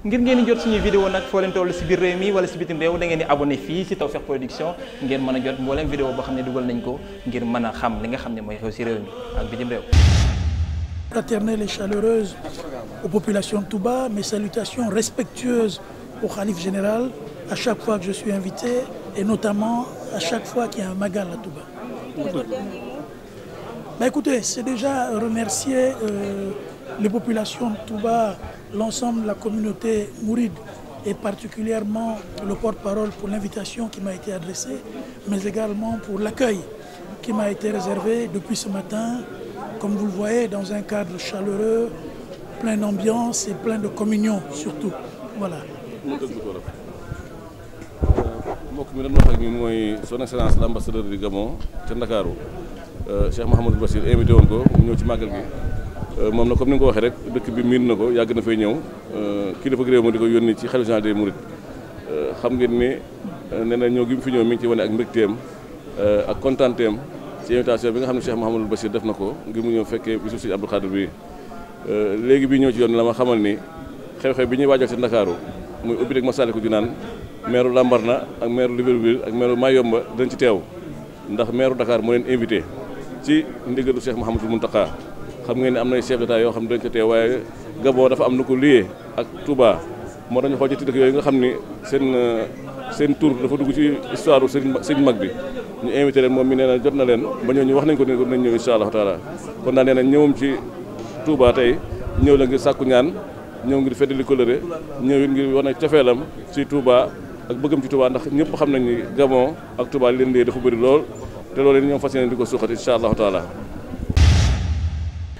ngir ngeen di jot suñuy vidéo nag foo leen toll si biir réew mi wala si bitim réew da ngeen abonné fii si Tawfekh Production ngeen mën jot mbooleem vidéo boo xam ne dugal nañ ko ngir mën a xam li nga xam ne mooy xew si aux populations de Touba mes salutations respectueuses au Khalife général à chaque fois que je suis invité et notamment à chaque fois qu'il y a un magal à Touba. Euh, de Touba l'ensemble de la communauté mouride et particulièrement le porte-parole pour l'invitation qui m'a été adressée, mais également pour l'accueil qui m'a été réservé depuis ce matin, comme vous le voyez, dans un cadre chaleureux, plein d'ambiance et plein de communion surtout. Voilà. mbokk mi doon wax ak ñun mooy son excellence l'ambassadeur du Gabon ca Ndakaaru euh, Cheikh Mouhamadou Bassir invité woon ko mu ñëw ci màggal gi Euh, moom na comme ni nga ko waxee rek dëkk bi miin na ko yàgg na fay ñëw kilifa réew ma di ko yónni ci xalifa général des mourides euh, xam ngeen ni euh, nee na ñëw gi fi ñëw mi ngi ci wane ak mbégteem ak kontaanteem ci invitation bi nga xam ne Cheikh Mouhamadul Bachir def na ko ngir mu ñëw fekkee bisu si Abdou Khadir bi léegi bi ñëw ci yoon la ma xamal ni xew bi ñuy waajal ci Ndakaaru muy ubbi rek Masaalikul Jinaan meeru Lambarna ak meeru Libreville ak meeru Mayomba dañ ci teew ndax meeru Dakar moo leen invité ci ndigalu Cheikh Mouhamadul Mountakha xam ngeen ne am nay chef d'état yoo xam ne dañ ko teew waaye Gabon dafa am na ko lié ak Touba moo tax ñu xool ci dëkk yooyu nga xam ni seen seen tur dafa dugg ci histoire sëñ mag bi ñu invité leen moom mi nee na jot na leen ba ñoo ñu wax nañ ko ne ko nañ ñëw incha allahu taala kon daal nee na ñëwam ci tuubaa tey ñëw la ngir sàkku ñaan ñëw ngir feddali coloré ñëw it ngir wane cofeelam ci Touba ak bëggam ci Touba ndax ñëpp xam nañ ni Gabon ak Touba li leen dee dafa bëri lool te loolu it ñoom fas yéene ko suuxat incha taala